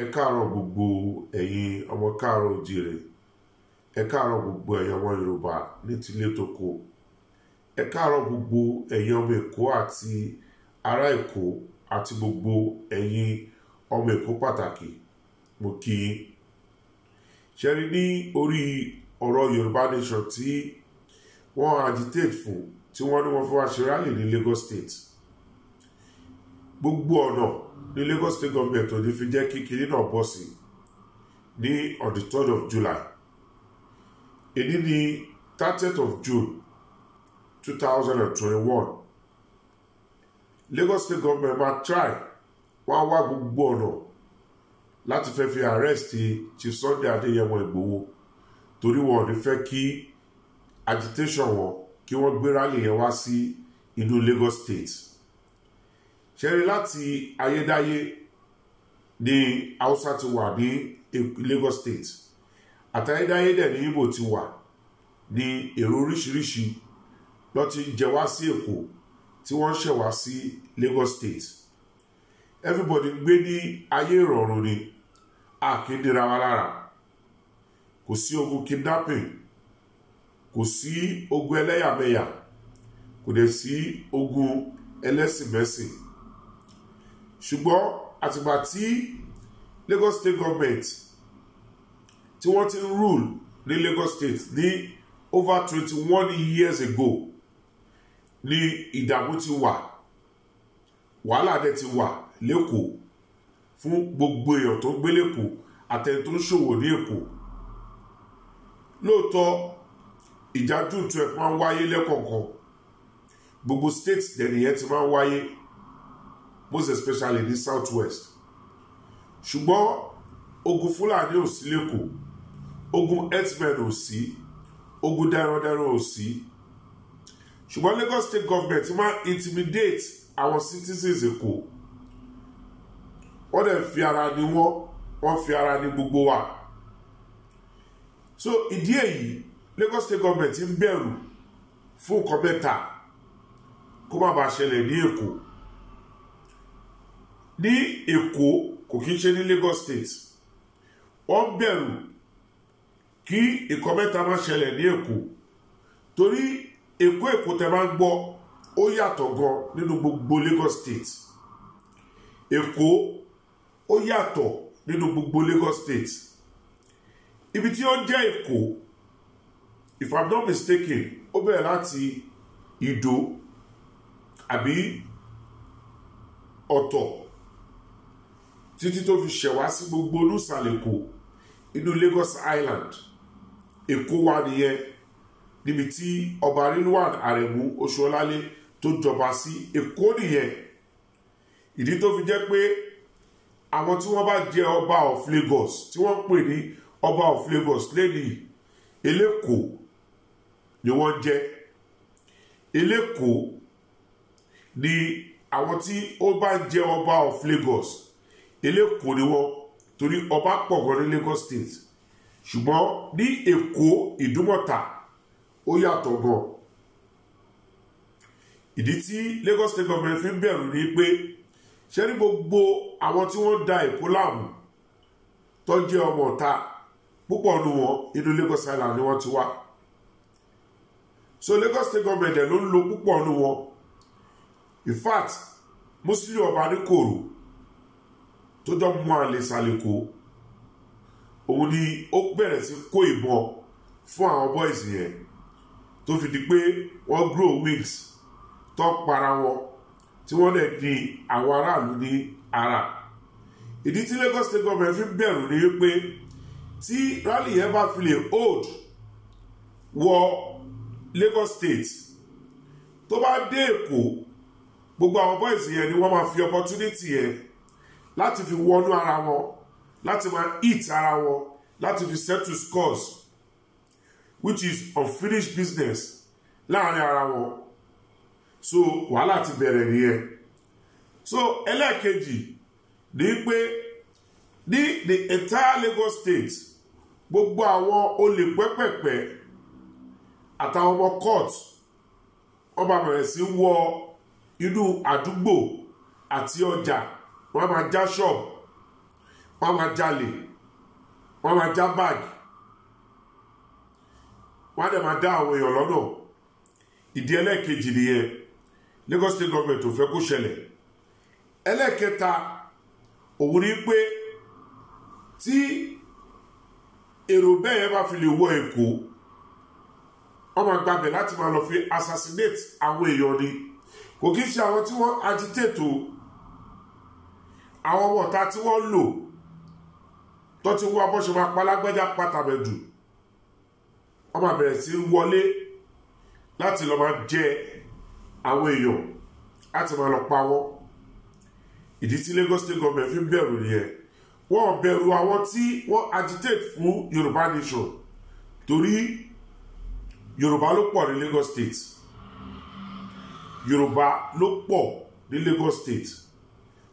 ẹ káàárọ̀ gbogbo ẹ̀yin ọmọ káàárọ̀ òjìrè ẹ káàárọ̀ gbogbo ẹ̀yin ọmọ yorùbá ní tilé toko ẹ káàárọ̀ gbogbo ẹ̀yin ọmọ èkó àti ará èkó àti gbogbo ẹ̀yin ọmọ èkó pàtàkì mo kí i ṣẹ́ni ní orí ọ̀rọ̀ yorùbá nation tí wọ́n agitate fún tí wọ́n ní wọ́n fẹ́ wá ṣe rálì ní lagos state gbogbo ọ̀nà ní Lagos State government ò ní fi jẹ́ kí kinní náà bọ̀ sí ní on the third of July èyí ní th of June 2021, Lagos State government máa try wá wá gbogbo ọ̀nà láti fẹ́ fi arrest Chief Sunday Adéyẹmọ Ìgbòho torí wọn ò ní fẹ́ kí agitation wọn kí wọ́n gbé rally yẹn wá sí inú Lagos State ṣẹ́rí láti ayédáyé ní haúsá ti wà ní Lagos State àtayédáyé dẹ̀ ní Ìgbò ti wà ní èrò oríṣiríṣi lọ́ ti jẹ wá sí Èkó tí wọ́n ṣẹ̀ sí Lagos State everybody gbé ní ayé ìrọ̀rùn ni àkíndíra wa lára kò sí ogun kidnapping kò sí ogun ẹlẹ́yàmẹ̀yà kò dẹ̀ sí ogun ẹlẹ́sìnmẹ́sìn ṣùgbọ́n àtìgbà tí Lagos state government tí wọ́n ti rule ní Lagos state ní over twenty one years ago ní ìdààmú ti wà wàhálà dẹ̀ ti wà lẹ́kọ̀ọ́ fún gbogbo èèyàn tó ń gbé lẹ́kọ̀ọ́ àtẹni tó ń ṣòwò ní Èkó lóòótọ́ ìjà June máa ń wáyé lẹ́kọ̀ọ̀kan gbogbo state dẹ̀ nìyẹn ti máa ń wáyé most especially ní south west ṣùgbọ́n ogun fúlàní ò sí lẹ́kọ̀ọ́ ogun herdsmen ò sí ogun darandaran ò sí ṣùgbọ́n Lagos state government máa intimidate àwọn citizens èkó wọ́n dẹ̀ fi ara ni wọ́n wọ́n fi ara ni gbogbo wa so ìdí èyí Lagos state government ń bẹ̀rù fún nǹkan mẹ́ta kó má bàa ṣẹlẹ̀ ní èkó ní èkó kò kí n ṣe ní Lagos State wọ́n bẹ̀rù kí nǹkan mẹ́ta má ṣẹlẹ̀ ní èkó torí èkó èkó tẹ máa ń gbọ́ ó yàtọ̀ gan nínú gbogbo Lagos State èkó ó yàtọ̀ nínú gbogbo Lagos State ibi tí ó jẹ́ èkó if i'm not mistaken ó bẹ̀rẹ̀ láti ìdó àbí ọ̀tọ̀ títí tó fi ṣẹ̀wá sí gbogbo olùsàlẹ̀ inú Lagos Island èkó wa nìyẹn níbi tí ọba Rilwan Aremu Oṣuọlálé tó jọba sí èkó nìyẹn ìdí tó fi jẹ́ pé àwọn tí wọ́n bá jẹ́ ọba of Lagos tí wọ́n pè ní ọba of Lagos lẹ́nìí eléko ni wọ́n jẹ́ eléko ni àwọn tí ó bá jẹ́ ọba of Lagos eléko ni wọ́n torí ọba pọ̀ gan ní Lagos State ṣùgbọ́n ní Èkó Ìdúmọ̀tà ó yàtọ̀ gan ìdí tí Lagos State government fi ń bẹ̀rù ni pé ṣé ní gbogbo àwọn tí wọ́n da Èkó láàmú tó jẹ́ ọmọ ọ̀ta púpọ̀ nù wọn inú Lagos Island ni wọ́n ti wá so Lagos State government ẹ̀ ló ń lo púpọ̀ nù wọn in fact Musiliu Ọbanikoro tó dọ́gbọ́n àlè sàlẹ̀kò òun ni ó bẹ̀rẹ̀ sí kó ìbọn fún àwọn boys yẹn tó fi di pé wọ́n grow wings tó para wọn tí wọ́n dẹ̀ di àwọn aráàlú ní ara ìdí tí Lagos state government fi bẹ̀rù ni wípé tí rally yẹn bá fi lè hold wọ Lagos state tó bá dé Èkó gbogbo àwọn boys yẹn ni wọ́n máa fi opportunity yẹn láti fi wọnú ara wọn láti máa eat ara wọn láti fi settle scores which is unfinished business láàrin ara wọn so wàhálà ti bẹ̀rẹ̀ nìyẹn so ẹlẹ́ẹ̀kejì ni pé ní the entire Lagos state gbogbo àwọn olè pẹ́pẹ̀pẹ́ àtàwọn ọmọ court ọba bẹ̀rẹ̀ sí wọ inú àdúgbò àti ọjà. Ja wọ́n á máa já ṣọ́ọ̀bù wọ́n á máa jalè wọ́n á máa já báàgì wọ́n á dẹ̀ máa dá àwọn èèyàn lọ́nà ìdí ẹlẹ́ẹ̀kejì nìyẹn Lagos state government ò fẹ́ kó ṣẹlẹ̀ ẹlẹ́ẹ̀kẹta òun ni pé tí èrò bẹ́ẹ̀ yẹn bá fi lè wọ Èkó wọ́n máa gbàgbẹ́ láti máa lọ fi assassinate àwọn èèyàn ni kò kí ń ṣe àwọn tí wọ́n agitate o àwọn ọmọ ọ̀tá tí wọ́n ń lò tó ti wá bọ́ṣe máa palágbẹ́já pátámẹ́jù wọ́n máa bẹ̀rẹ̀ sí wọlé láti lọ́ọ́ máa jẹ àwọn èèyàn láti máa lọ pa wọ́n ìdí tí Lagos State Government fi ń bẹ̀rù nìyẹn wọ́n bẹ̀rù àwọn tí wọ́n agitate fún Yorùbá Nation torí Yorùbá ló pọ̀ ní Lagos State Yorùbá ló pọ̀ ní Lagos State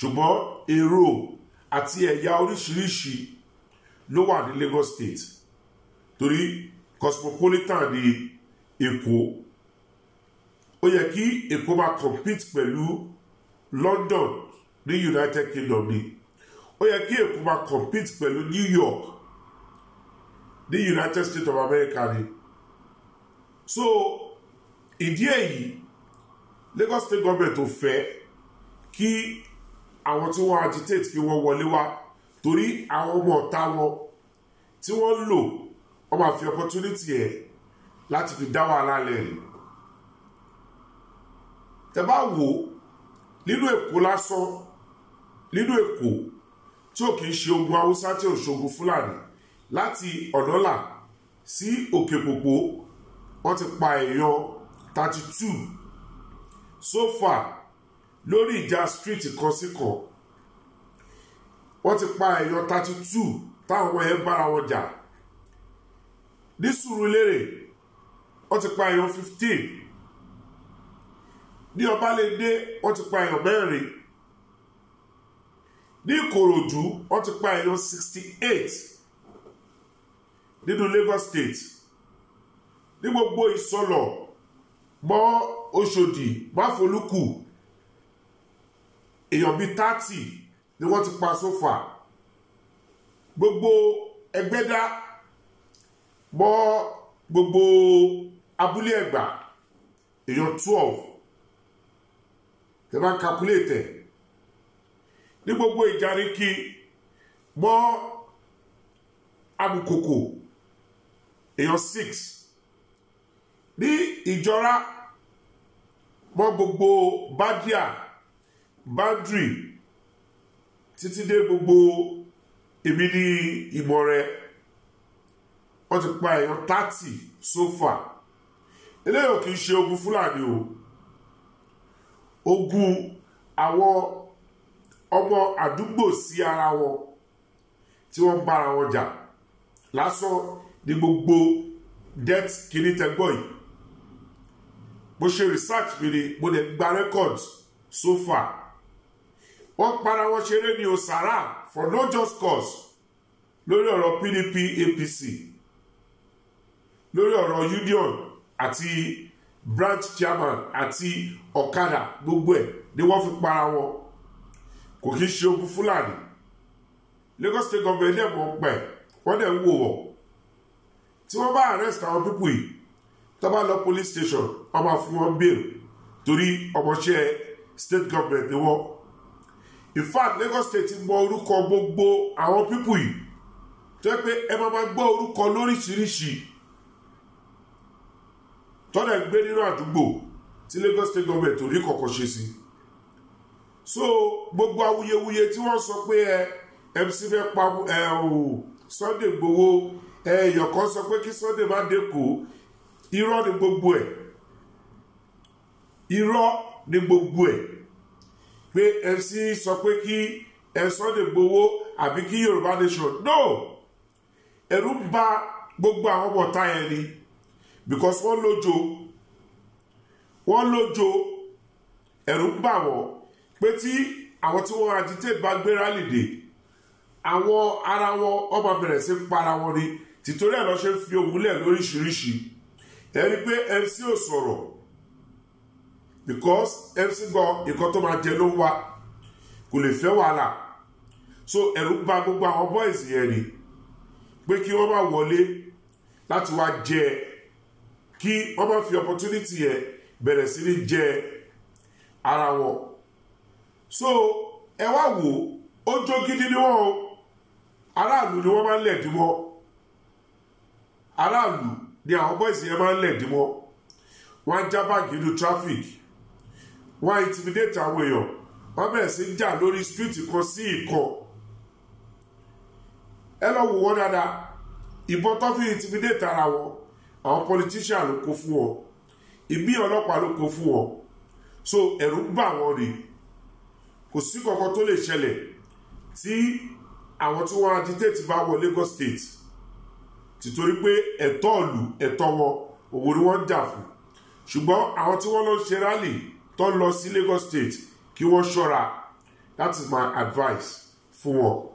ṣùgbọ́n èrò àti ẹ̀yà oríṣiríṣi ló wà ní Lagos State torí cosmopolitan ní Èkó ó yẹ kí Èkó máa compete pẹ̀lú London ní United Kingdom ni ó yẹ kí Èkó máa compete pẹ̀lú New York ní United States of America ni so ìdí èyí Lagos State government ò fẹ́ kí àwọn tí wọ́n agitate kí wọ́n wọlé wá torí àwọn ọmọ ọ̀tá wọn tí wọ́n lò wọ́n máa fi opportunity ẹ̀ láti fi dá wàhálà lẹ́rìn tẹ́ bá wò nínú èkó lásán nínú èkó tí ò kì í ṣe ogun haúsá tí ò ṣogun fúlàní láti ọ̀dọ́là sí òkè pòpò wọ́n ti pa èèyàn thirty two so far lórí ìjà street kan sí kan wọ́n ti pa èèyàn thirty two táwọn ọmọ yẹn bára wọn jà ní Sùúrùlérè wọ́n ti pa èèyàn fifteen ní Ọbalẹ́ndé wọ́n ti pa èèyàn mẹ́rin ní Ìkòròdú wọ́n ti pa èèyàn sixty eight nínú Lagos State ní gbogbo ìsọlọ̀ mọ́ Ọ̀ṣọ́dì máfolúkù èèyàn bíi thirty ni wọ́n ti pa sófà gbogbo ẹgbẹ́dá bọ́ gbogbo abúlé ẹ̀gbà èèyàn twelve tẹ bá ń calculate ẹ̀ ní gbogbo ìjáríkì mọ́ Àbùkòkò èèyàn six ní ìjọra mọ́ gbogbo Bádíà boundary títí dé gbogbo èmi ní ìmọ̀ rẹ wọ́n ti pa èèyàn thirty so far eléyìí ò kì í ṣe ogun fúlàní o ogun àwọn ọmọ àdúgbò sí ara wọn tí wọ́n ń bára wọn jà lásán ní gbogbo death kìíní tẹgbọ́ yìí mo ṣe research mi ni mo dẹ̀ gba record so far wọ́n para wọn ṣeré ní osara for no just cause lórí ọ̀rọ̀ PDP APC lórí ọ̀rọ̀ union àti branch chairman àti ọ̀kadà gbogbo ẹ̀ ni wọ́n fi para wọn kò kí ń ṣe ogun Fúlàní Lagos state government dẹ̀ mọ̀ pẹ̀ wọ́n dẹ̀ ń wò wọ̀ tí wọ́n bá arrest àwọn pípù yìí tó bá lọ police station wọ́n máa fún wọn bail torí ọmọọṣẹ́ state government ni wọ́n in fact Lagos State ti mọ orúkọ gbogbo àwọn pípù yìí tó yẹ pé ẹ máa máa gbọ́ orúkọ lóríṣiríṣi tọ́lẹ̀ ń gbé nínú àdúgbò tí Lagos State government ò rí kọ̀kọ́ ṣe sí so gbogbo awuyewuye tí wọ́n sọ pé ẹ MC fẹ́ pa ẹ o Sunday Igboho ẹ yọ̀kan sọ pé kí Sunday má dẹ́kọ̀ọ́ irọ́ ni gbogbo ẹ̀ irọ́ ni gbogbo ẹ̀ pé fc sọ pé kí Sunday Igboho àbí kí Yorùbá nation no ẹ̀rù bà gbogbo àwọn ọmọ ọ̀tá yẹn ni because wọ́n lójo wọ́n lójo ẹ̀rù bà wọ́n pé tí àwọn tí wọ́n agitate bá gbéra lìdè àwọn ara wọn ọmọ bẹ̀rẹ̀ sí para wọn ni tìtorí ẹ̀ lọ́ ṣe fi òun lẹ̀ lóríṣiríṣi ẹ̀rí pé fc ò sọ̀rọ̀ because FC gbọ́ nǹkan tó máa jẹ ló wà kò lè fẹ́ wàhálà so ẹ̀rù bà gbogbo àwọn boys yẹn ni pé kí wọ́n má wọlé láti wá jẹ kí wọ́n má fi opportunity yẹn bẹ̀rẹ̀ sí ní jẹ ara wọn so ẹ wá wò ó jó gidi ni wọ́n o aráàlú ni wọ́n máa ń lẹ̀ dí mọ́ aráàlú ni àwọn boys yẹn máa ń lẹ̀ dí mọ́ wọ́n á já báàgì nínú traffic wá intimidate àwọn èèyàn wọ́n bẹ̀rẹ̀ sí jà lórí street kan sí ìkọ̀ ẹ lọ wò wọ́n dáadáa ìbọn tó fi intimidate ara wọn àwọn politician ló kó fún wọn ìbí ọlọ́pàá ló kó fún wọn so ẹ̀rù ń bà wọ́n rèé kò sí kankan tó lè ṣẹlẹ̀ tí àwọn tí wọ́n agitate bá wọ Lagos State tìtorí pé ẹ̀tọ́ ìlú ẹ̀tọ́ wọn òwò ni wọ́n ń jà fún ṣùgbọ́n àwọn tí wọ́n lọ ń ṣe rálì tó lọ sí Lagos State kí wọ́n ṣọ́ra that is my advice fún wọn.